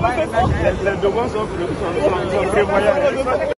le, le, sont prévoyables.